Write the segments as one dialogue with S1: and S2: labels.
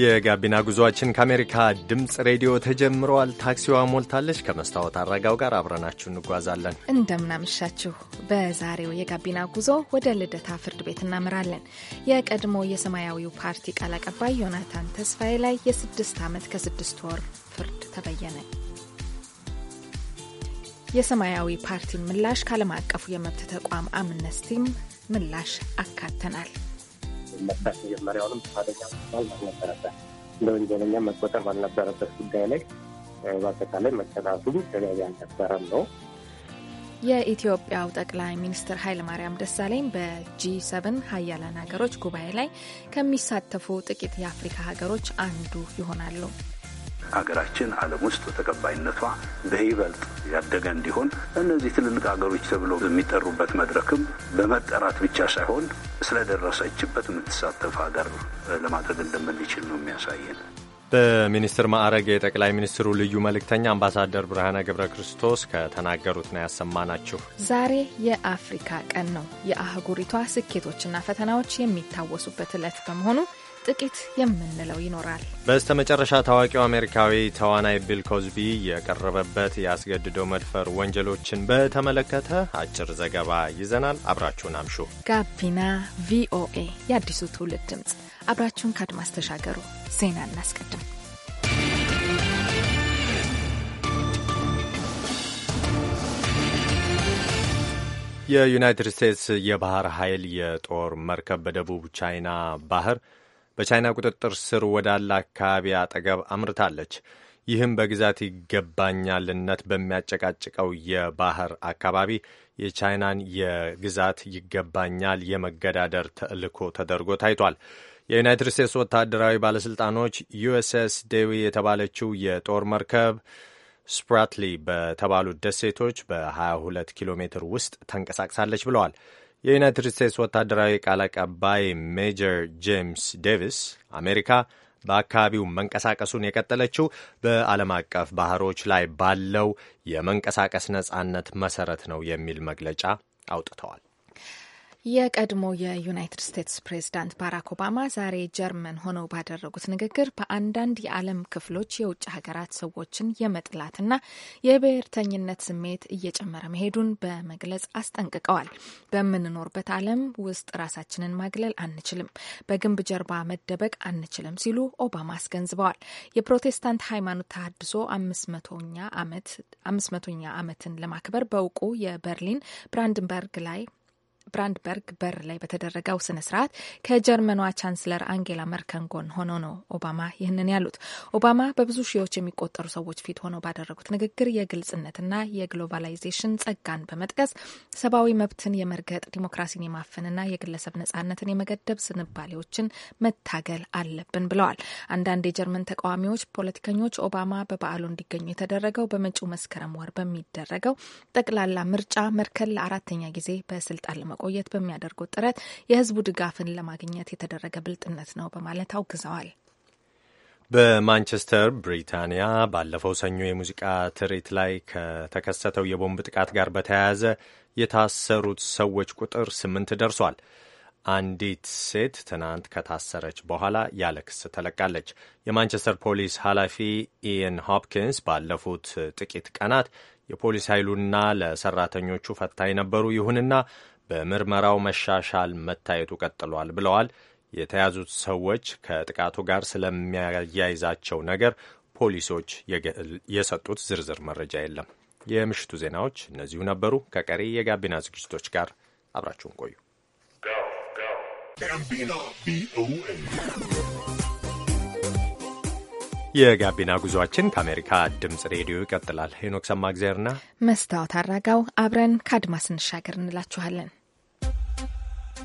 S1: የጋቢና ጉዞአችን ከአሜሪካ ድምፅ ሬዲዮ ተጀምረዋል። ታክሲዋ ሞልታለች። ከመስታወት አረጋው ጋር አብረናችሁ እንጓዛለን።
S2: እንደምናመሻችሁ። በዛሬው የጋቢና ጉዞ ወደ ልደታ ፍርድ ቤት እናምራለን። የቀድሞ የሰማያዊው ፓርቲ ቃል አቀባይ ዮናታን ተስፋዬ ላይ የስድስት ዓመት ከስድስት ወር ፍርድ ተበየነ። የሰማያዊ ፓርቲን ምላሽ ከዓለም አቀፉ የመብት ተቋም አምነስቲም ምላሽ አካተናል።
S3: መፍታት
S4: መጀመሪያውንም ጥፋተኛ መባል ባልነበረበት እንደ ወንጀለኛ መቆጠር ባልነበረበት ጉዳይ ላይ በአጠቃላይ መቀጣቱም ተገቢ አልነበረም ነው።
S2: የኢትዮጵያው ጠቅላይ ሚኒስትር ኃይለማርያም ደሳለኝ በጂ ሰብን ሀያላን ሀገሮች ጉባኤ ላይ ከሚሳተፉ ጥቂት የአፍሪካ ሀገሮች አንዱ ይሆናሉ።
S3: ሀገራችን ዓለም ውስጥ ተቀባይነቷ በይበልጥ ያደገ እንዲሆን እነዚህ ትልልቅ ሀገሮች ተብሎ የሚጠሩበት መድረክም በመጠራት ብቻ ሳይሆን ስለደረሰችበት የምትሳተፍ ሀገር ለማድረግ እንደምንችል ነው የሚያሳየን።
S1: በሚኒስትር ማዕረግ የጠቅላይ ሚኒስትሩ ልዩ መልእክተኛ አምባሳደር ብርሃነ ገብረ ክርስቶስ ከተናገሩት ነው ያሰማናችሁ።
S2: ዛሬ የአፍሪካ ቀን ነው። የአህጉሪቷ ስኬቶችና ፈተናዎች የሚታወሱበት ዕለት በመሆኑ ጥቂት የምንለው ይኖራል።
S1: በስተ መጨረሻ ታዋቂው አሜሪካዊ ተዋናይ ቢል ኮዝቢ የቀረበበት የአስገድዶ መድፈር ወንጀሎችን በተመለከተ አጭር ዘገባ ይዘናል። አብራችሁን አምሹ።
S2: ጋቢና ቪኦኤ የአዲሱ ትውልድ ድምፅ፣ አብራችሁን ከአድማስ ተሻገሩ። ዜና እናስቀድም።
S1: የዩናይትድ ስቴትስ የባህር ኃይል የጦር መርከብ በደቡብ ቻይና ባህር በቻይና ቁጥጥር ስር ወዳለ አካባቢ አጠገብ አምርታለች። ይህም በግዛት ይገባኛልነት በሚያጨቃጭቀው የባህር አካባቢ የቻይናን የግዛት ይገባኛል የመገዳደር ተልዕኮ ተደርጎ ታይቷል። የዩናይትድ ስቴትስ ወታደራዊ ባለሥልጣኖች ዩኤስኤስ ዴዊ የተባለችው የጦር መርከብ ስፕራትሊ በተባሉት ደሴቶች በ22 ኪሎ ሜትር ውስጥ ተንቀሳቅሳለች ብለዋል። የዩናይትድ ስቴትስ ወታደራዊ ቃል አቀባይ ሜጀር ጄምስ ዴቪስ አሜሪካ በአካባቢው መንቀሳቀሱን የቀጠለችው በዓለም አቀፍ ባህሮች ላይ ባለው የመንቀሳቀስ ነጻነት መሰረት ነው የሚል መግለጫ አውጥተዋል።
S2: የቀድሞ የዩናይትድ ስቴትስ ፕሬዝዳንት ባራክ ኦባማ ዛሬ ጀርመን ሆነው ባደረጉት ንግግር በአንዳንድ የዓለም ክፍሎች የውጭ ሀገራት ሰዎችን የመጥላትና የብሔርተኝነት ስሜት እየጨመረ መሄዱን በመግለጽ አስጠንቅቀዋል። በምንኖርበት ዓለም ውስጥ ራሳችንን ማግለል አንችልም፣ በግንብ ጀርባ መደበቅ አንችልም ሲሉ ኦባማ አስገንዝበዋል። የፕሮቴስታንት ሃይማኖት ተሃድሶ አምስት መቶኛ ዓመትን ለማክበር በእውቁ የበርሊን ብራንድንበርግ ላይ ብራንድበርግ በር ላይ በተደረገው ስነ ስርዓት ከጀርመኗ ቻንስለር አንጌላ መርከን ጎን ሆኖ ነው ኦባማ ይህንን ያሉት። ኦባማ በብዙ ሺዎች የሚቆጠሩ ሰዎች ፊት ሆነው ባደረጉት ንግግር የግልጽነትና የግሎባላይዜሽን ጸጋን በመጥቀስ ሰብአዊ መብትን የመርገጥ ዲሞክራሲን የማፈንና የግለሰብ ነጻነትን የመገደብ ዝንባሌዎችን መታገል አለብን ብለዋል። አንዳንድ የጀርመን ተቃዋሚዎች፣ ፖለቲከኞች ኦባማ በበዓሉ እንዲገኙ የተደረገው በመጪው መስከረም ወር በሚደረገው ጠቅላላ ምርጫ መርከል ለአራተኛ ጊዜ በስልጣን ለመ ለማቆየት በሚያደርጉት ጥረት የህዝቡ ድጋፍን ለማግኘት የተደረገ ብልጥነት ነው በማለት አውግዘዋል።
S1: በማንቸስተር ብሪታንያ ባለፈው ሰኞ የሙዚቃ ትርኢት ላይ ከተከሰተው የቦምብ ጥቃት ጋር በተያያዘ የታሰሩት ሰዎች ቁጥር ስምንት ደርሷል። አንዲት ሴት ትናንት ከታሰረች በኋላ ያለ ክስ ተለቃለች። የማንቸስተር ፖሊስ ኃላፊ ኢየን ሆፕኪንስ ባለፉት ጥቂት ቀናት የፖሊስ ኃይሉና ለሰራተኞቹ ፈታኝ ነበሩ፣ ይሁንና በምርመራው መሻሻል መታየቱ ቀጥሏል ብለዋል። የተያዙት ሰዎች ከጥቃቱ ጋር ስለሚያያይዛቸው ነገር ፖሊሶች የሰጡት ዝርዝር መረጃ የለም። የምሽቱ ዜናዎች እነዚሁ ነበሩ። ከቀሪ የጋቢና ዝግጅቶች ጋር አብራችሁን ቆዩ። የጋቢና ጉዟችን ከአሜሪካ ድምጽ ሬዲዮ ይቀጥላል። ሄኖክ ሰማእግዜርና
S2: መስታወት አራጋው አብረን ከአድማስ እንሻገር እንላችኋለን።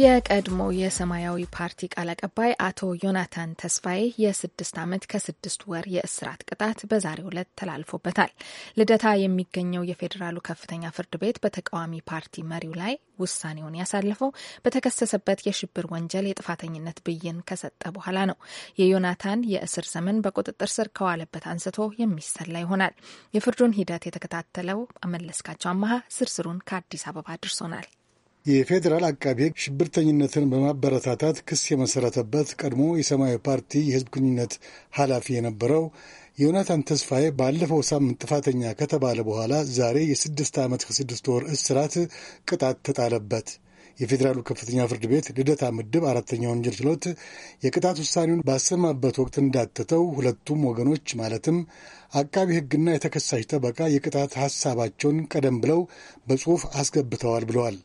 S2: የቀድሞ የሰማያዊ ፓርቲ ቃል አቀባይ አቶ ዮናታን ተስፋዬ የስድስት ዓመት ከስድስት ወር የእስራት ቅጣት በዛሬው ዕለት ተላልፎበታል። ልደታ የሚገኘው የፌዴራሉ ከፍተኛ ፍርድ ቤት በተቃዋሚ ፓርቲ መሪው ላይ ውሳኔውን ያሳለፈው በተከሰሰበት የሽብር ወንጀል የጥፋተኝነት ብይን ከሰጠ በኋላ ነው። የዮናታን የእስር ዘመን በቁጥጥር ስር ከዋለበት አንስቶ የሚሰላ ይሆናል። የፍርዱን ሂደት የተከታተለው መለስካቸው አመሀ ዝርዝሩን ከአዲስ አበባ አድርሶናል።
S5: የፌዴራል አቃቢ ሕግ ሽብርተኝነትን በማበረታታት ክስ የመሰረተበት ቀድሞ የሰማያዊ ፓርቲ የህዝብ ግንኙነት ኃላፊ የነበረው ዮናታን ተስፋዬ ባለፈው ሳምንት ጥፋተኛ ከተባለ በኋላ ዛሬ የስድስት ዓመት ከስድስት ወር እስራት ቅጣት ተጣለበት። የፌዴራሉ ከፍተኛ ፍርድ ቤት ልደታ ምድብ አራተኛ ወንጀል ችሎት የቅጣት ውሳኔውን ባሰማበት ወቅት እንዳተተው ሁለቱም ወገኖች ማለትም አቃቢ ሕግና የተከሳሽ ጠበቃ የቅጣት ሐሳባቸውን ቀደም ብለው በጽሑፍ አስገብተዋል ብለዋል።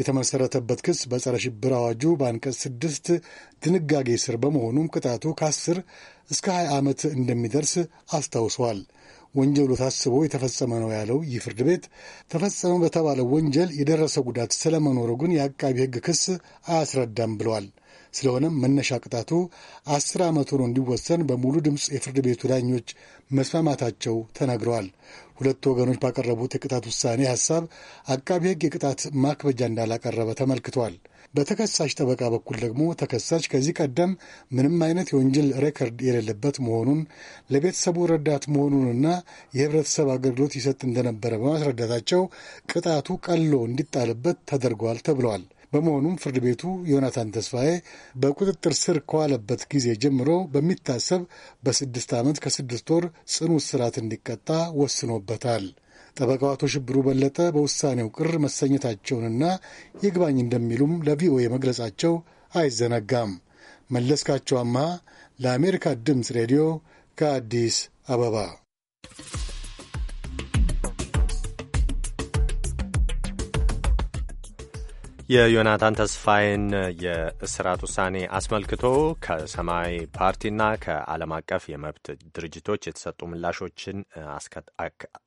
S5: የተመሰረተበት ክስ በጸረ ሽብር አዋጁ በአንቀጽ ስድስት ድንጋጌ ስር በመሆኑም ቅጣቱ ከአስር እስከ 20 ዓመት እንደሚደርስ አስታውሰዋል። ወንጀሉ ታስቦ የተፈጸመ ነው ያለው ይህ ፍርድ ቤት ተፈጸመ በተባለው ወንጀል የደረሰ ጉዳት ስለመኖሩ ግን የአቃቢ ሕግ ክስ አያስረዳም ብለዋል። ስለሆነም መነሻ ቅጣቱ አስር ዓመት ሆኖ እንዲወሰን በሙሉ ድምፅ የፍርድ ቤቱ ዳኞች መስማማታቸው ተናግረዋል። ሁለቱ ወገኖች ባቀረቡት የቅጣት ውሳኔ ሐሳብ አቃቢ ሕግ የቅጣት ማክበጃ እንዳላቀረበ ተመልክቷል። በተከሳሽ ጠበቃ በኩል ደግሞ ተከሳሽ ከዚህ ቀደም ምንም አይነት የወንጀል ሬከርድ የሌለበት መሆኑን ለቤተሰቡ ረዳት መሆኑንና የህብረተሰብ አገልግሎት ይሰጥ እንደነበረ በማስረዳታቸው ቅጣቱ ቀሎ እንዲጣልበት ተደርጓል ተብለዋል። በመሆኑም ፍርድ ቤቱ ዮናታን ተስፋዬ በቁጥጥር ስር ከዋለበት ጊዜ ጀምሮ በሚታሰብ በስድስት ዓመት ከስድስት ወር ጽኑ እስራት እንዲቀጣ ወስኖበታል። ጠበቃው አቶ ሽብሩ በለጠ በውሳኔው ቅር መሰኘታቸውንና ይግባኝ እንደሚሉም ለቪኦኤ መግለጻቸው አይዘነጋም። መለስካቸው ለአሜሪካ ድምፅ ሬዲዮ ከአዲስ አበባ
S1: የዮናታን ተስፋዬን የእስራት ውሳኔ አስመልክቶ ከሰማያዊ ፓርቲና ከዓለም አቀፍ የመብት ድርጅቶች የተሰጡ ምላሾችን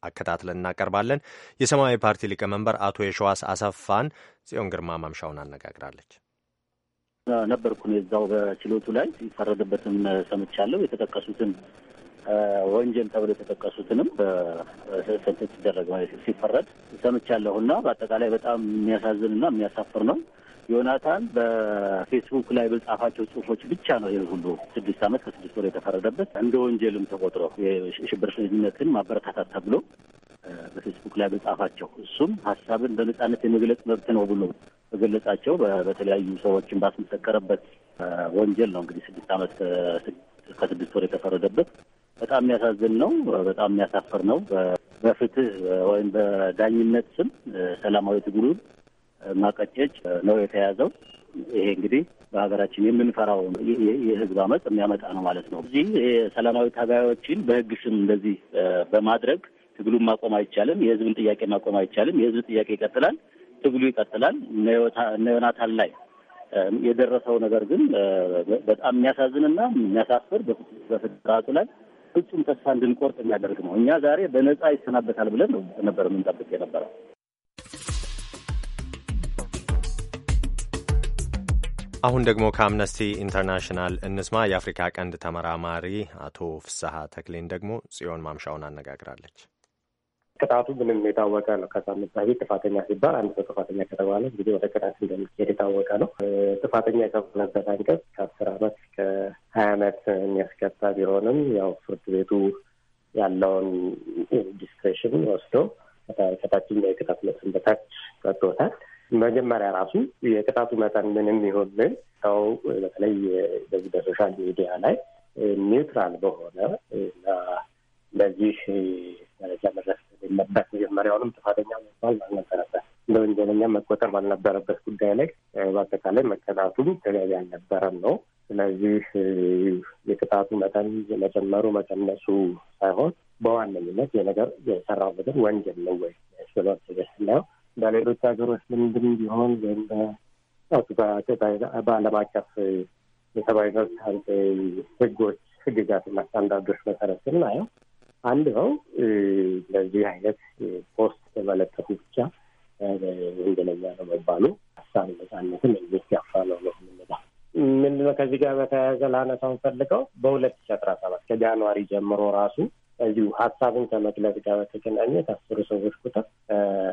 S1: አከታትለን እናቀርባለን። የሰማያዊ ፓርቲ ሊቀመንበር አቶ የሸዋስ አሰፋን ጽዮን ግርማ ማምሻውን አነጋግራለች።
S6: ነበርኩን የዛው በችሎቱ ላይ ይፈረድበትም ሰምቻለሁ። የተጠቀሱትን ወንጀል ተብሎ የተጠቀሱትንም በስንት ሲደረግ ሲፈረድ ሰምቻለሁ እና በአጠቃላይ በጣም የሚያሳዝንና የሚያሳፍር ነው። ዮናታን በፌስቡክ ላይ በጻፋቸው ጽሁፎች ብቻ ነው ይህ ሁሉ ስድስት ዓመት ከስድስት ወር የተፈረደበት እንደ ወንጀልም ተቆጥሮ የሽብርተኝነትን ማበረታታት ተብሎ በፌስቡክ ላይ በጻፋቸው እሱም ሀሳብን በነጻነት የመግለጽ መብት ነው ብሎ በገለጻቸው በተለያዩ ሰዎችን ባስመሰከረበት ወንጀል ነው እንግዲህ ስድስት ዓመት ከስድስት ወር የተፈረደበት። በጣም የሚያሳዝን ነው። በጣም የሚያሳፍር ነው። በፍትህ ወይም በዳኝነት ስም ሰላማዊ ትግሉን ማቀጨጭ ነው የተያዘው። ይሄ እንግዲህ በሀገራችን የምንፈራው የህዝብ አመፅ የሚያመጣ ነው ማለት ነው። እዚህ ሰላማዊ ታጋዮችን በህግ ስም እንደዚህ በማድረግ ትግሉን ማቆም አይቻልም። የህዝብን ጥያቄ ማቆም አይቻልም። የህዝብ ጥያቄ ይቀጥላል። ትግሉ ይቀጥላል። እነ ዮናታን ላይ የደረሰው ነገር ግን በጣም የሚያሳዝንና የሚያሳፍር በፍትህ ስርዓቱ ላይ ፍጹም ተስፋ እንድንቆርጥ የሚያደርግ ነው። እኛ ዛሬ በነጻ ይሰናበታል ብለን ነበር የምንጠብቅ የነበረው።
S1: አሁን ደግሞ ከአምነስቲ ኢንተርናሽናል እንስማ። የአፍሪካ ቀንድ ተመራማሪ አቶ ፍስሐ ተክሌን ደግሞ ጽዮን ማምሻውን አነጋግራለች።
S4: ቅጣቱ ምንም የታወቀ ነው። ከሳምንት በፊት ጥፋተኛ ሲባል አንድ ሰው ጥፋተኛ ከተባለ እንግዲህ ወደ ቅጣት እንደሚሄድ የታወቀ ነው። ጥፋተኛ የሰፈነበት አንቀጽ ከአስር አመት ሀያ አመት የሚያስቀጣ ቢሆንም ያው ፍርድ ቤቱ ያለውን ዲስክሬሽን ወስዶ ከታችኛው የቅጣት መጠን በታች ቀጥቶታል። መጀመሪያ ራሱ የቅጣቱ መጠን ምንም ይሁን ምን ሰው በተለይ በዚህ በሶሻል ሚዲያ ላይ ኒውትራል በሆነ እና በዚህ መረጃ መድረስ መጀመሪያውንም ጥፋተኛ መባል አልነበረበት እንደ ወንጀለኛ መቆጠር ባልነበረበት ጉዳይ ላይ በአጠቃላይ መቀጣቱም ተገቢ አልነበረም ነው። ስለዚህ የቅጣቱ መጠን የመጨመሩ መቀነሱ ሳይሆን በዋነኝነት የነገር የሰራው ነገር ወንጀል ነው ወይ ስበብ ስናየው በሌሎች ሀገሮች ልምድም ቢሆን ወይም በዓለም አቀፍ የሰብአዊ መብት ሕጎች ሕግጋትና ስታንዳርዶች መሰረት ስናየው አንድ ነው። ለዚህ አይነት ፖስት በመለጠፉ ብቻ ወንጀለኛ ነው መባሉ ሀሳብ ነጻነትን የሚጋፋ ነው ነው የምንለው። ምንድነው ከዚህ ጋር በተያያዘ ላነሳውን ፈልገው በሁለት ሺ አስራ ሰባት ከጃንዋሪ ጀምሮ ራሱ እዚሁ ሀሳብን ከመግለጽ ጋር በተገናኘ ታሰሩ ሰዎች ቁጥር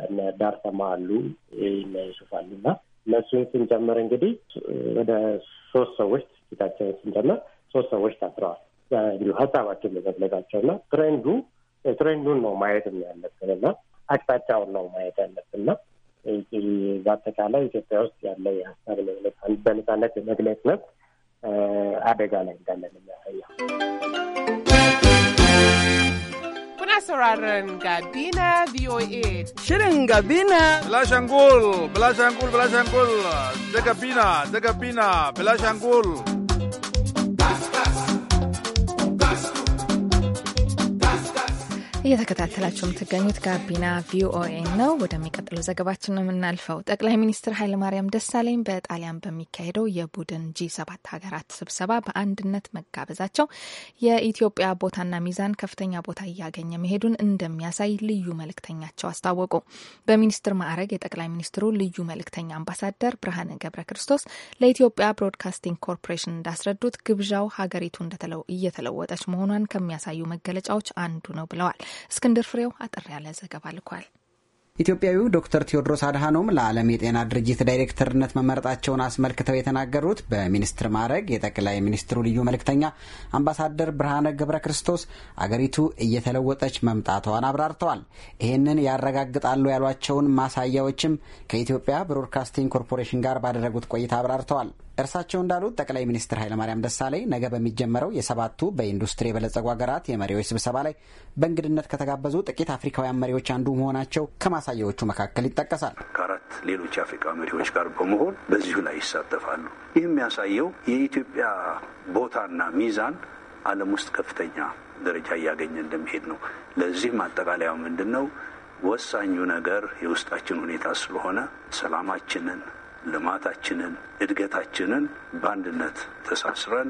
S4: እነ ዳርሰማ አሉ፣ እነ ዩሱፍ አሉ እና እነሱን ስንጀምር እንግዲህ ወደ ሶስት ሰዎች ፊታቸውን ስንጀምር ሶስት ሰዎች ታስረዋል። እንዲሁ ሀሳባችን ለመግለጻቸው እና ትሬንዱ ትሬንዱን ነው ማየት ያለብን እና አቅጣጫውን ነው ማየት ያለብን እና በአጠቃላይ ኢትዮጵያ ውስጥ ያለ የሀሳብ ነጻነት በነጻነት የመግለጽ መብት አደጋ ላይ እንዳለን
S7: የሚያሳያል።
S8: Kuna sauraron ብላሻንጉል VOA.
S3: Shirin Gabina.
S2: እየተከታተላችሁ የምትገኙት ጋቢና ቪኦኤ ነው። ወደሚቀጥለው ዘገባችን ነው የምናልፈው። ጠቅላይ ሚኒስትር ኃይለማርያም ደሳለኝ በጣሊያን በሚካሄደው የቡድን ጂ ሰባት ሀገራት ስብሰባ በአንድነት መጋበዛቸው የኢትዮጵያ ቦታና ሚዛን ከፍተኛ ቦታ እያገኘ መሄዱን እንደሚያሳይ ልዩ መልእክተኛቸው አስታወቁ። በሚኒስትር ማዕረግ የጠቅላይ ሚኒስትሩ ልዩ መልእክተኛ አምባሳደር ብርሃነ ገብረ ክርስቶስ ለኢትዮጵያ ብሮድካስቲንግ ኮርፖሬሽን እንዳስረዱት ግብዣው ሀገሪቱ እየተለወጠች መሆኗን ከሚያሳዩ መገለጫዎች አንዱ ነው ብለዋል። እስክንድር ፍሬው አጠር ያለ ዘገባ ልኳል።
S8: ኢትዮጵያዊው ዶክተር ቴዎድሮስ አድሃኖም ለዓለም የጤና ድርጅት ዳይሬክተርነት መመረጣቸውን አስመልክተው የተናገሩት በሚኒስትር ማዕረግ የጠቅላይ ሚኒስትሩ ልዩ መልእክተኛ አምባሳደር ብርሃነ ገብረ ክርስቶስ አገሪቱ እየተለወጠች መምጣቷን አብራርተዋል። ይህንን ያረጋግጣሉ ያሏቸውን ማሳያዎችም ከኢትዮጵያ ብሮድካስቲንግ ኮርፖሬሽን ጋር ባደረጉት ቆይታ አብራርተዋል። እርሳቸው እንዳሉት ጠቅላይ ሚኒስትር ኃይለማርያም ደሳለኝ ነገ በሚጀመረው የሰባቱ በኢንዱስትሪ የበለጸጉ ሀገራት የመሪዎች ስብሰባ ላይ በእንግድነት ከተጋበዙ ጥቂት አፍሪካውያን መሪዎች አንዱ መሆናቸው ከማሳያዎቹ መካከል ይጠቀሳል።
S3: ከአራት ሌሎች የአፍሪካ መሪዎች ጋር በመሆን በዚሁ ላይ ይሳተፋሉ። ይህ የሚያሳየው የኢትዮጵያ ቦታና ሚዛን ዓለም ውስጥ ከፍተኛ ደረጃ እያገኘ እንደሚሄድ ነው። ለዚህ ማጠቃለያ ምንድን ነው? ወሳኙ ነገር የውስጣችን ሁኔታ ስለሆነ ሰላማችንን ልማታችንን፣ እድገታችንን በአንድነት ተሳስረን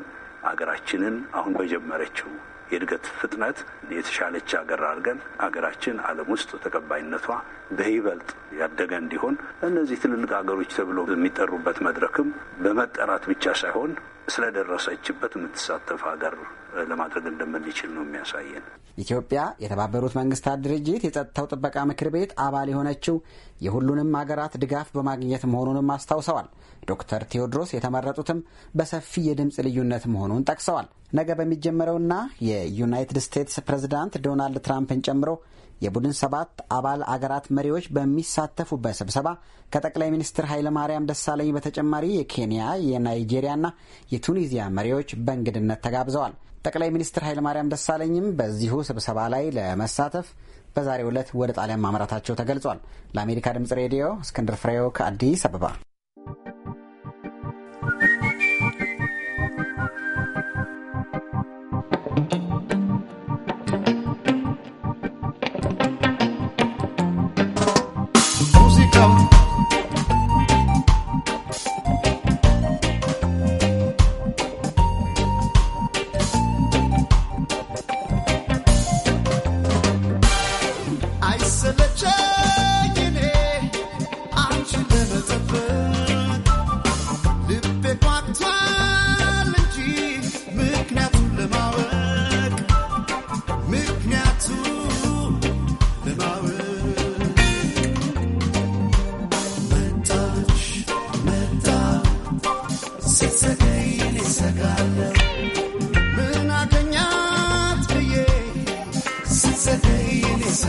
S3: አገራችንን አሁን በጀመረችው የእድገት ፍጥነት የተሻለች ሀገር አድርገን ሀገራችን ዓለም ውስጥ ተቀባይነቷ በይበልጥ ያደገ እንዲሆን እነዚህ ትልልቅ ሀገሮች ተብሎ የሚጠሩበት መድረክም በመጠራት ብቻ ሳይሆን ስለደረሰችበት የምትሳተፍ ሀገር ለማድረግ እንደምንችል ነው የሚያሳየን።
S8: ኢትዮጵያ የተባበሩት መንግስታት ድርጅት የጸጥታው ጥበቃ ምክር ቤት አባል የሆነችው የሁሉንም ሀገራት ድጋፍ በማግኘት መሆኑንም አስታውሰዋል። ዶክተር ቴዎድሮስ የተመረጡትም በሰፊ የድምፅ ልዩነት መሆኑን ጠቅሰዋል። ነገ በሚጀመረውና የዩናይትድ ስቴትስ ፕሬዝዳንት ዶናልድ ትራምፕን ጨምሮ የቡድን ሰባት አባል አገራት መሪዎች በሚሳተፉበት ስብሰባ ከጠቅላይ ሚኒስትር ኃይለማርያም ደሳለኝ በተጨማሪ የኬንያ የናይጄሪያና የቱኒዚያ መሪዎች በእንግድነት ተጋብዘዋል። ጠቅላይ ሚኒስትር ኃይለማርያም ደሳለኝም በዚሁ ስብሰባ ላይ ለመሳተፍ በዛሬው ዕለት ወደ ጣሊያን ማምራታቸው ተገልጿል። ለአሜሪካ ድምጽ ሬዲዮ እስክንድር ፍሬው ከአዲስ አበባ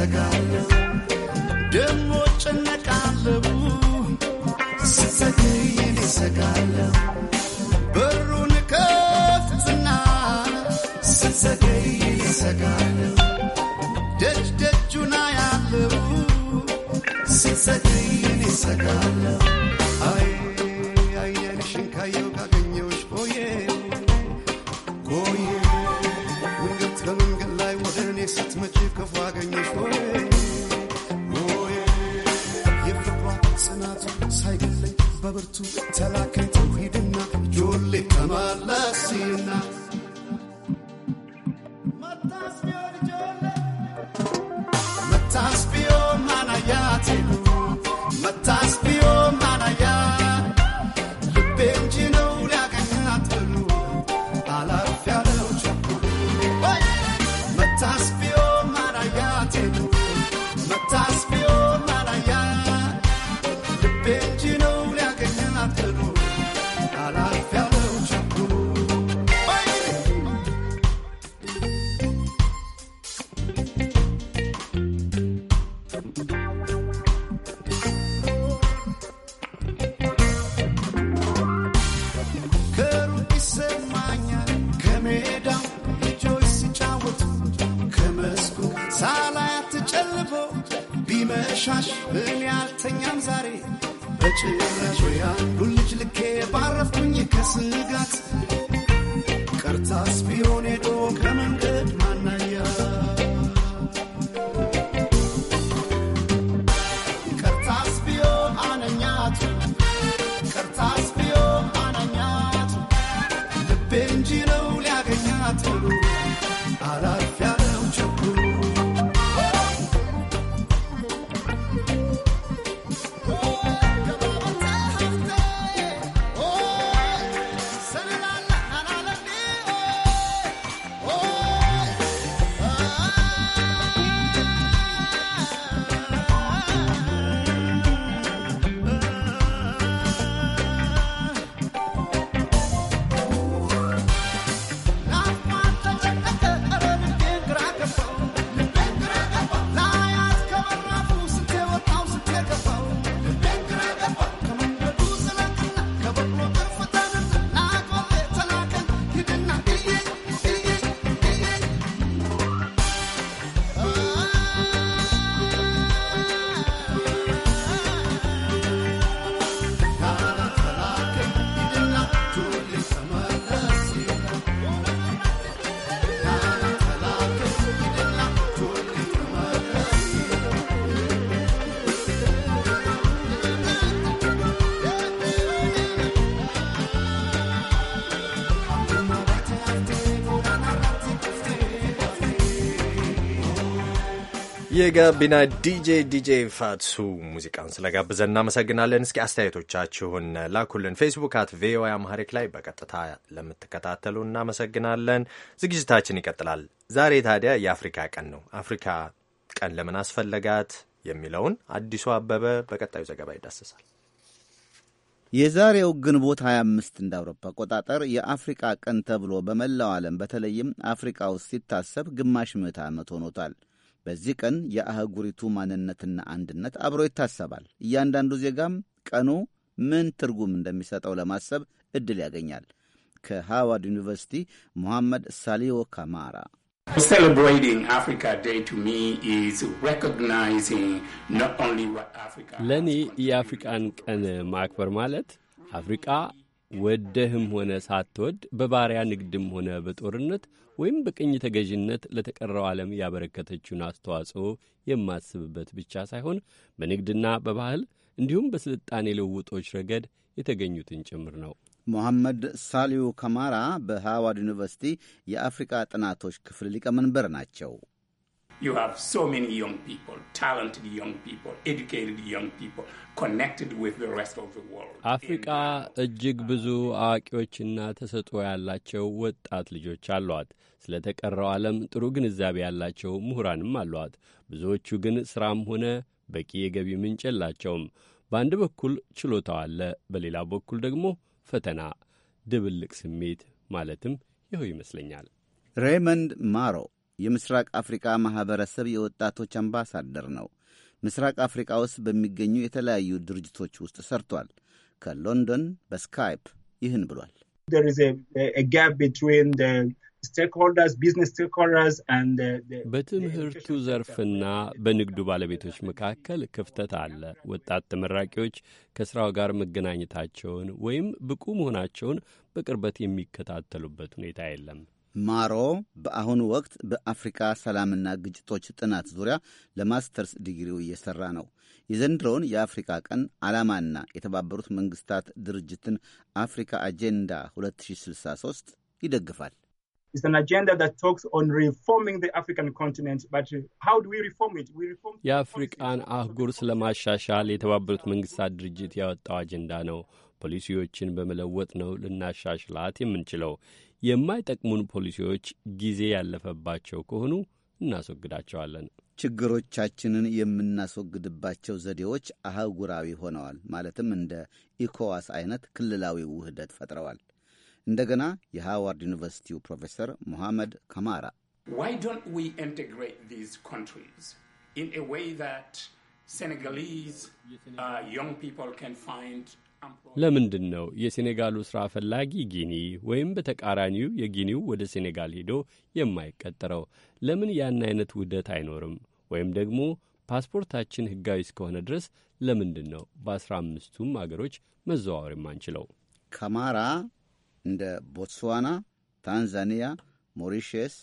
S7: እሰጋለሁ ደሞ ጨነቃለሁ ስትዘገይ እሰጋለሁ በሩን ከፍትና ስትዘገይ እሰጋለሁ ደጅ ደጁና ያለው ስትዘገይ እሰጋለሁ
S1: የጋቢና ዲጄ ዲጄ ፋትሱ ሙዚቃውን ስለጋብዘን እናመሰግናለን። እስኪ አስተያየቶቻችሁን ላኩልን። ፌስቡክ አት ቪኦኤ አማሪክ ላይ በቀጥታ ለምትከታተሉ እናመሰግናለን። ዝግጅታችን ይቀጥላል። ዛሬ ታዲያ የአፍሪካ ቀን ነው። አፍሪካ ቀን ለምን አስፈለጋት የሚለውን አዲሱ አበበ በቀጣዩ ዘገባ ይዳስሳል።
S9: የዛሬው ግንቦት 25 እንደ አውሮፓ አቆጣጠር የአፍሪቃ ቀን ተብሎ በመላው ዓለም በተለይም አፍሪቃ ውስጥ ሲታሰብ ግማሽ ምዕተ ዓመት ሆኖታል። በዚህ ቀን የአህጉሪቱ ማንነትና አንድነት አብሮ ይታሰባል። እያንዳንዱ ዜጋም ቀኑ ምን ትርጉም እንደሚሰጠው ለማሰብ እድል ያገኛል። ከሃዋርድ ዩኒቨርሲቲ ሙሐመድ ሳሊዮ ካማራ
S10: ለእኔ የአፍሪቃን ቀን ማክበር ማለት አፍሪቃ ወደህም ሆነ ሳትወድ በባሪያ ንግድም ሆነ በጦርነት ወይም በቅኝ ተገዥነት ለተቀረው ዓለም ያበረከተችውን አስተዋጽኦ የማስብበት ብቻ ሳይሆን በንግድና በባህል እንዲሁም በሥልጣኔ ልውውጦች ረገድ የተገኙትን ጭምር ነው።
S9: ሞሐመድ ሳሊሁ ከማራ በሃዋርድ ዩኒቨርሲቲ የአፍሪቃ ጥናቶች ክፍል ሊቀመንበር ናቸው።
S10: you have so many young people, talented young people, educated young people connected with the rest of the world. አፍሪቃ uh, እጅግ ብዙ አዋቂዎችና ተሰጥኦ ያላቸው ወጣት ልጆች አሏት። ስለ ተቀረው ዓለም ጥሩ ግንዛቤ ያላቸው ምሁራንም አሏት። ብዙዎቹ ግን ሥራም ሆነ በቂ የገቢ ምንጭ የላቸውም። በአንድ በኩል ችሎታው አለ፣ በሌላ በኩል ደግሞ ፈተና፣ ድብልቅ ስሜት ማለትም ይኸው ይመስለኛል።
S9: ሬይመንድ ማሮ የምስራቅ አፍሪካ ማኅበረሰብ የወጣቶች አምባሳደር ነው። ምስራቅ አፍሪካ ውስጥ በሚገኙ የተለያዩ ድርጅቶች ውስጥ ሰርቷል። ከሎንዶን በስካይፕ ይህን ብሏል።
S10: በትምህርቱ ዘርፍና በንግዱ ባለቤቶች መካከል ክፍተት አለ። ወጣት ተመራቂዎች ከስራው ጋር መገናኘታቸውን ወይም ብቁ መሆናቸውን በቅርበት የሚከታተሉበት ሁኔታ የለም።
S9: ማሮ በአሁኑ ወቅት በአፍሪካ ሰላምና ግጭቶች ጥናት ዙሪያ ለማስተርስ ዲግሪው እየሰራ ነው። የዘንድሮውን የአፍሪካ ቀን ዓላማና የተባበሩት መንግስታት ድርጅትን አፍሪካ አጀንዳ
S10: 2063 ይደግፋል። የአፍሪቃን አህጉር ስለማሻሻል የተባበሩት መንግስታት ድርጅት ያወጣው አጀንዳ ነው። ፖሊሲዎችን በመለወጥ ነው ልናሻሽላት የምንችለው። የማይጠቅሙን ፖሊሲዎች ጊዜ ያለፈባቸው ከሆኑ እናስወግዳቸዋለን።
S9: ችግሮቻችንን የምናስወግድባቸው ዘዴዎች አህጉራዊ ሆነዋል። ማለትም እንደ ኢኮዋስ አይነት ክልላዊ ውህደት ፈጥረዋል። እንደገና የሃዋርድ ዩኒቨርሲቲው ፕሮፌሰር ሞሐመድ ከማራ
S10: ለምንድን ነው የሴኔጋሉ ሥራ ፈላጊ ጊኒ ወይም በተቃራኒው የጊኒው ወደ ሴኔጋል ሄዶ የማይቀጠረው? ለምን ያን አይነት ውህደት አይኖርም? ወይም ደግሞ ፓስፖርታችን ሕጋዊ እስከሆነ ድረስ ለምንድን ነው በአስራ አምስቱም አገሮች መዘዋወር የማንችለው? ከማራ እንደ
S9: ቦትስዋና፣ ታንዛኒያ፣ ሞሪሽስ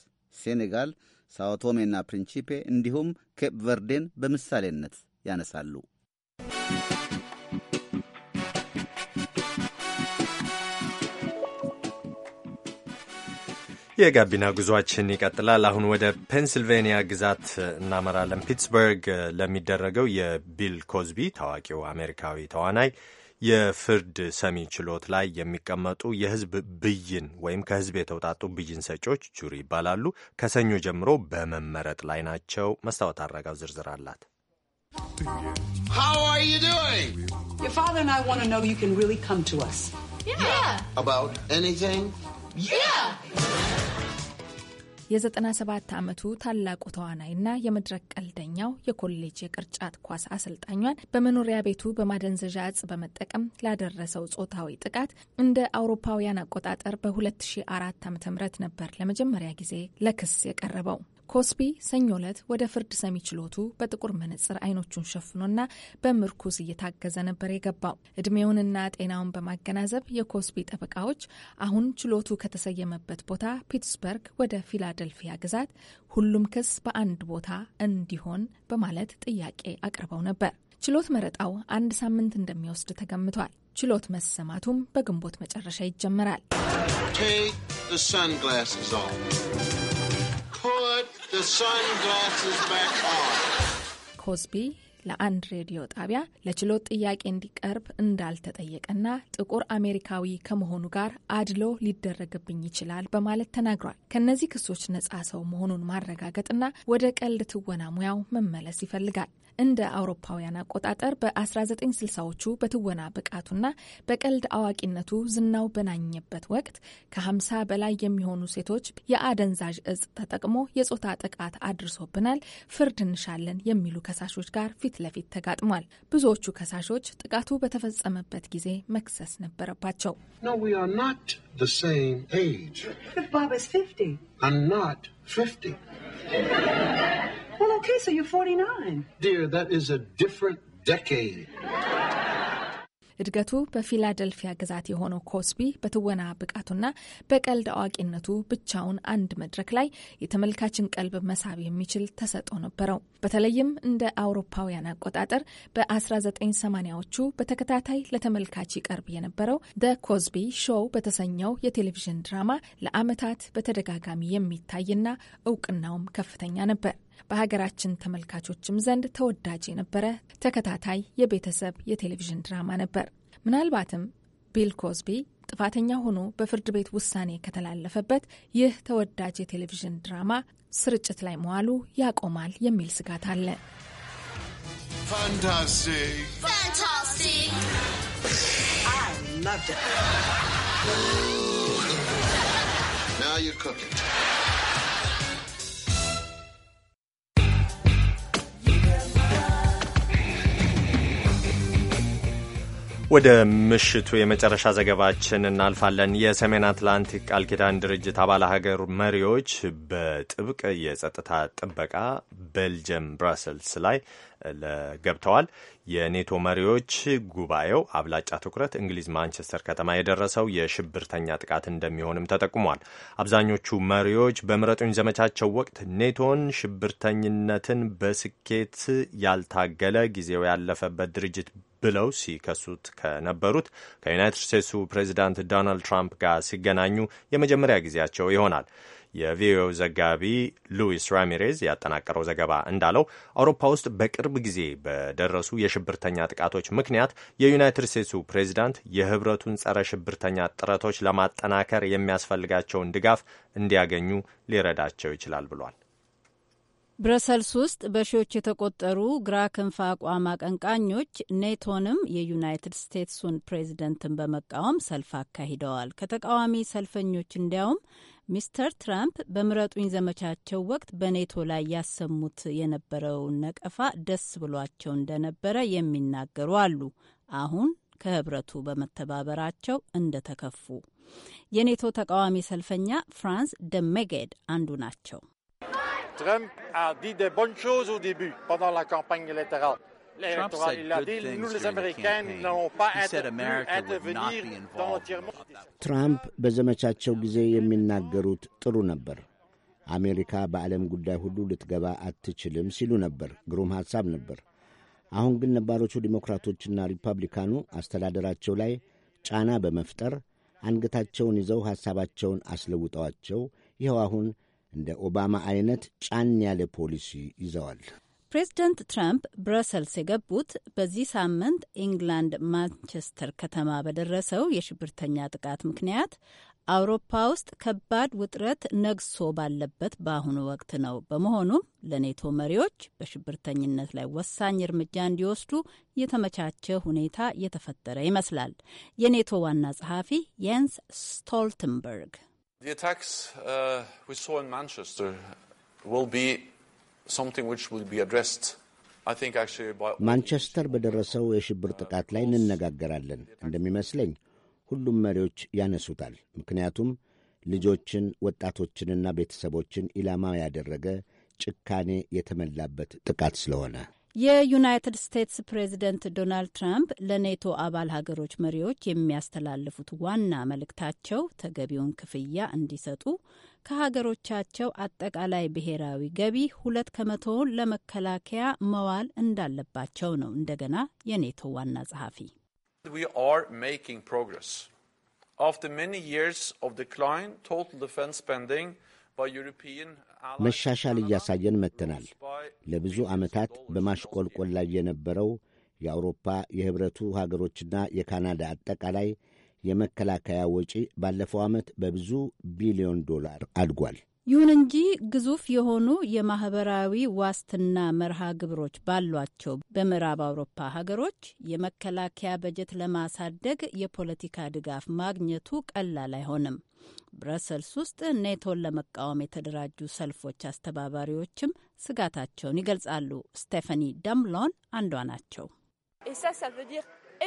S9: ሴኔጋል፣ ሳዎቶሜና ፕሪንቺፔ እንዲሁም ኬፕ ቨርዴን በምሳሌነት ያነሳሉ።
S1: የጋቢና ጉዟችን ይቀጥላል። አሁን ወደ ፔንስልቬኒያ ግዛት እናመራለን። ፒትስበርግ ለሚደረገው የቢል ኮዝቢ ታዋቂው አሜሪካዊ ተዋናይ የፍርድ ሰሚ ችሎት ላይ የሚቀመጡ የህዝብ ብይን ወይም ከህዝብ የተውጣጡ ብይን ሰጪዎች ጁሪ ይባላሉ። ከሰኞ ጀምሮ በመመረጥ ላይ ናቸው። መስታወት አረጋው ዝርዝር አላት።
S2: የ97 ዓመቱ ታላቁ ተዋናይና የመድረክ ቀልደኛው የኮሌጅ የቅርጫት ኳስ አሰልጣኟን በመኖሪያ ቤቱ በማደንዘዣ እጽ በመጠቀም ላደረሰው ጾታዊ ጥቃት እንደ አውሮፓውያን አቆጣጠር በ2004 ዓ.ም ነበር ለመጀመሪያ ጊዜ ለክስ የቀረበው። ኮስቢ ሰኞ ዕለት ወደ ፍርድ ሰሚ ችሎቱ በጥቁር መነጽር አይኖቹን ሸፍኖና በምርኩዝ እየታገዘ ነበር የገባው። እድሜውንና ጤናውን በማገናዘብ የኮስቢ ጠበቃዎች አሁን ችሎቱ ከተሰየመበት ቦታ ፒትስበርግ ወደ ፊላደልፊያ ግዛት ሁሉም ክስ በአንድ ቦታ እንዲሆን በማለት ጥያቄ አቅርበው ነበር። ችሎት መረጣው አንድ ሳምንት እንደሚወስድ ተገምቷል። ችሎት መሰማቱም በግንቦት መጨረሻ ይጀመራል። ኮዝቢ ለአንድ ሬዲዮ ጣቢያ ለችሎት ጥያቄ እንዲቀርብ እንዳልተጠየቀና ጥቁር አሜሪካዊ ከመሆኑ ጋር አድሎ ሊደረግብኝ ይችላል በማለት ተናግሯል። ከነዚህ ክሶች ነጻ ሰው መሆኑን ማረጋገጥና ወደ ቀልድ ትወና ሙያው መመለስ ይፈልጋል። እንደ አውሮፓውያን አቆጣጠር በ1960ዎቹ በትወና ብቃቱና በቀልድ አዋቂነቱ ዝናው በናኘበት ወቅት ከ50 በላይ የሚሆኑ ሴቶች የአደንዛዥ እጽ ተጠቅሞ የጾታ ጥቃት አድርሶብናል፣ ፍርድ እንሻለን የሚሉ ከሳሾች ጋር ፊት ለፊት ተጋጥሟል። ብዙዎቹ ከሳሾች ጥቃቱ በተፈጸመበት ጊዜ መክሰስ ነበረባቸው። Well, okay, so you're 49.
S7: Dear, that is a different decade.
S2: እድገቱ በፊላደልፊያ ግዛት የሆነው ኮስቢ በትወና ብቃቱና በቀልድ አዋቂነቱ ብቻውን አንድ መድረክ ላይ የተመልካችን ቀልብ መሳብ የሚችል ተሰጥኦ ነበረው። በተለይም እንደ አውሮፓውያን አቆጣጠር በ1980ዎቹ በተከታታይ ለተመልካች ይቀርብ የነበረው ደ ኮዝቢ ሾው በተሰኘው የቴሌቪዥን ድራማ ለአመታት በተደጋጋሚ የሚታይና እውቅናውም ከፍተኛ ነበር። በሀገራችን ተመልካቾችም ዘንድ ተወዳጅ የነበረ ተከታታይ የቤተሰብ የቴሌቪዥን ድራማ ነበር። ምናልባትም ቢል ኮዝቢ ጥፋተኛ ሆኖ በፍርድ ቤት ውሳኔ ከተላለፈበት ይህ ተወዳጅ የቴሌቪዥን ድራማ ስርጭት ላይ መዋሉ ያቆማል የሚል ስጋት አለ።
S7: Fantastic!
S1: ወደ ምሽቱ የመጨረሻ ዘገባችን እናልፋለን። የሰሜን አትላንቲክ ቃል ኪዳን ድርጅት አባል ሀገር መሪዎች በጥብቅ የጸጥታ ጥበቃ ቤልጅየም ብራሰልስ ላይ ገብተዋል። የኔቶ መሪዎች ጉባኤው አብላጫ ትኩረት እንግሊዝ ማንቸስተር ከተማ የደረሰው የሽብርተኛ ጥቃት እንደሚሆንም ተጠቁሟል። አብዛኞቹ መሪዎች በምረጡኝ ዘመቻቸው ወቅት ኔቶን ሽብርተኝነትን በስኬት ያልታገለ ጊዜው ያለፈበት ድርጅት ብለው ሲከሱት ከነበሩት ከዩናይትድ ስቴትሱ ፕሬዚዳንት ዶናልድ ትራምፕ ጋር ሲገናኙ የመጀመሪያ ጊዜያቸው ይሆናል። የቪኦኤው ዘጋቢ ሉዊስ ራሚሬዝ ያጠናቀረው ዘገባ እንዳለው አውሮፓ ውስጥ በቅርብ ጊዜ በደረሱ የሽብርተኛ ጥቃቶች ምክንያት የዩናይትድ ስቴትሱ ፕሬዚዳንት የህብረቱን ጸረ ሽብርተኛ ጥረቶች ለማጠናከር የሚያስፈልጋቸውን ድጋፍ እንዲያገኙ ሊረዳቸው ይችላል ብሏል።
S11: ብረሰልስ ውስጥ በሺዎች የተቆጠሩ ግራ ክንፍ አቋም አቀንቃኞች ኔቶንም የዩናይትድ ስቴትሱን ፕሬዚደንትን በመቃወም ሰልፍ አካሂደዋል። ከተቃዋሚ ሰልፈኞች እንዲያውም ሚስተር ትራምፕ በምረጡኝ ዘመቻቸው ወቅት በኔቶ ላይ ያሰሙት የነበረውን ነቀፋ ደስ ብሏቸው እንደነበረ የሚናገሩ አሉ። አሁን ከህብረቱ በመተባበራቸው እንደተከፉ የኔቶ ተቃዋሚ ሰልፈኛ ፍራንስ ደሜጌድ አንዱ ናቸው።
S1: Trump a dit de bonnes choses au début, pendant la campagne électorale. Il a dit, nous les Américains n'allons pas intervenir dans le tiers
S12: ትራምፕ በዘመቻቸው ጊዜ የሚናገሩት ጥሩ ነበር። አሜሪካ በዓለም ጉዳይ ሁሉ ልትገባ አትችልም ሲሉ ነበር። ግሩም ሐሳብ ነበር። አሁን ግን ነባሮቹ ዲሞክራቶችና ሪፐብሊካኑ አስተዳደራቸው ላይ ጫና በመፍጠር አንገታቸውን ይዘው ሐሳባቸውን አስለውጠዋቸው ይኸው አሁን እንደ ኦባማ አይነት ጫን ያለ ፖሊሲ ይዘዋል።
S11: ፕሬዚደንት ትራምፕ ብረሰልስ የገቡት በዚህ ሳምንት ኢንግላንድ ማንቸስተር ከተማ በደረሰው የሽብርተኛ ጥቃት ምክንያት አውሮፓ ውስጥ ከባድ ውጥረት ነግሶ ባለበት በአሁኑ ወቅት ነው። በመሆኑም ለኔቶ መሪዎች በሽብርተኝነት ላይ ወሳኝ እርምጃ እንዲወስዱ የተመቻቸ ሁኔታ የተፈጠረ ይመስላል። የኔቶ ዋና ጸሐፊ የንስ ስቶልተንበርግ
S8: The attacks uh, we saw in Manchester will be something which will be addressed.
S12: ማንቸስተር በደረሰው የሽብር ጥቃት ላይ እንነጋገራለን እንደሚመስለኝ ሁሉም መሪዎች ያነሱታል። ምክንያቱም ልጆችን ወጣቶችንና ቤተሰቦችን ኢላማ ያደረገ ጭካኔ የተመላበት ጥቃት ስለሆነ
S11: የዩናይትድ ስቴትስ ፕሬዝደንት ዶናልድ ትራምፕ ለኔቶ አባል ሀገሮች መሪዎች የሚያስተላልፉት ዋና መልእክታቸው ተገቢውን ክፍያ እንዲሰጡ ከሀገሮቻቸው አጠቃላይ ብሔራዊ ገቢ ሁለት ከመቶውን ለመከላከያ መዋል እንዳለባቸው ነው። እንደገና የኔቶ ዋና ጸሐፊ
S8: ፕሮግረስ መሻሻል
S12: እያሳየን መጥተናል። ለብዙ ዓመታት በማሽቆልቆል ላይ የነበረው የአውሮፓ የኅብረቱ ሀገሮችና የካናዳ አጠቃላይ የመከላከያ ወጪ ባለፈው ዓመት በብዙ ቢሊዮን ዶላር አድጓል።
S11: ይሁን እንጂ ግዙፍ የሆኑ የማህበራዊ ዋስትና መርሃ ግብሮች ባሏቸው በምዕራብ አውሮፓ ሀገሮች የመከላከያ በጀት ለማሳደግ የፖለቲካ ድጋፍ ማግኘቱ ቀላል አይሆንም። ብረሰልስ ውስጥ ኔቶን ለመቃወም የተደራጁ ሰልፎች አስተባባሪዎችም ስጋታቸውን ይገልጻሉ። ስቴፈኒ ደምሎን አንዷ ናቸው።
S2: euh,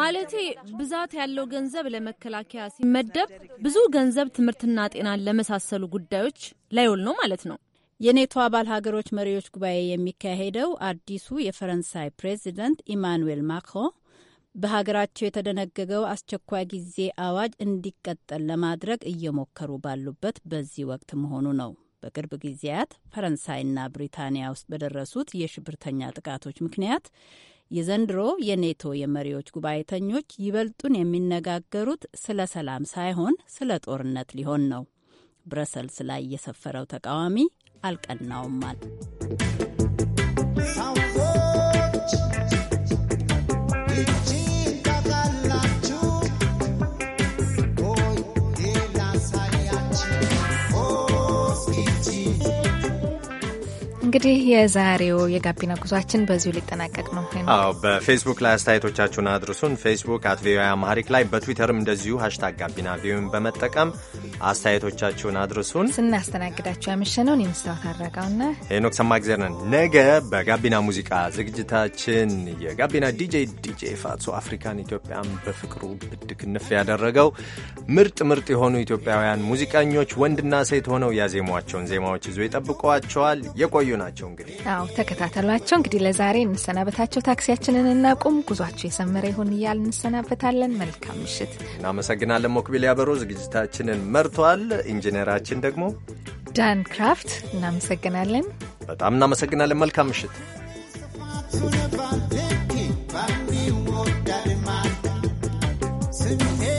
S11: ማለቴ ብዛት ያለው ገንዘብ ለመከላከያ ሲመደብ ብዙ ገንዘብ ትምህርትና ጤናን ለመሳሰሉ ጉዳዮች ላይውል ነው ማለት ነው። የኔቶ አባል ሀገሮች መሪዎች ጉባኤ የሚካሄደው አዲሱ የፈረንሳይ ፕሬዚደንት ኢማኑዌል ማክሮን በሀገራቸው የተደነገገው አስቸኳይ ጊዜ አዋጅ እንዲቀጠል ለማድረግ እየሞከሩ ባሉበት በዚህ ወቅት መሆኑ ነው። በቅርብ ጊዜያት ፈረንሳይና ብሪታንያ ውስጥ በደረሱት የሽብርተኛ ጥቃቶች ምክንያት የዘንድሮ የኔቶ የመሪዎች ጉባኤተኞች ይበልጡን የሚነጋገሩት ስለ ሰላም ሳይሆን ስለ ጦርነት ሊሆን ነው። ብረሰልስ ላይ የሰፈረው ተቃዋሚ አልቀናውማል።
S2: እንግዲህ የዛሬው የጋቢና ጉዟችን በዚሁ ሊጠናቀቅ ነው።
S1: አዎ በፌስቡክ ላይ አስተያየቶቻችሁን አድርሱን። ፌስቡክ አት ቪኦኤ አማሪክ ላይ በትዊተርም እንደዚሁ ሀሽታግ ጋቢና ቪኦኤን በመጠቀም አስተያየቶቻችሁን አድርሱን።
S2: ስናስተናግዳችሁ ያመሸነውን የመስታወት አድረጋውና
S1: ሄኖክ ሰማእግዜር ነን። ነገ በጋቢና ሙዚቃ ዝግጅታችን የጋቢና ዲጄ ዲጄ ፋሶ አፍሪካን ኢትዮጵያን በፍቅሩ ብድክ ንፍ ያደረገው ምርጥ ምርጥ የሆኑ ኢትዮጵያውያን ሙዚቀኞች ወንድና ሴት ሆነው ያዜሟቸውን ዜማዎች ይዞ ይጠብቋቸዋል። የቆዩና ናቸው። እንግዲህ
S2: አዎ ተከታተሏቸው። እንግዲህ ለዛሬ እንሰናበታቸው። ታክሲያችንን እናቁም። ጉዟቸው የሰመረ ይሁን እያል እንሰናበታለን። መልካም
S1: ምሽት። እናመሰግናለን። ሞክቢል ያበሮ ዝግጅታችንን መርቷል። ኢንጂነራችን ደግሞ
S2: ዳን ክራፍት። እናመሰግናለን።
S1: በጣም እናመሰግናለን። መልካም ምሽት።
S7: Hey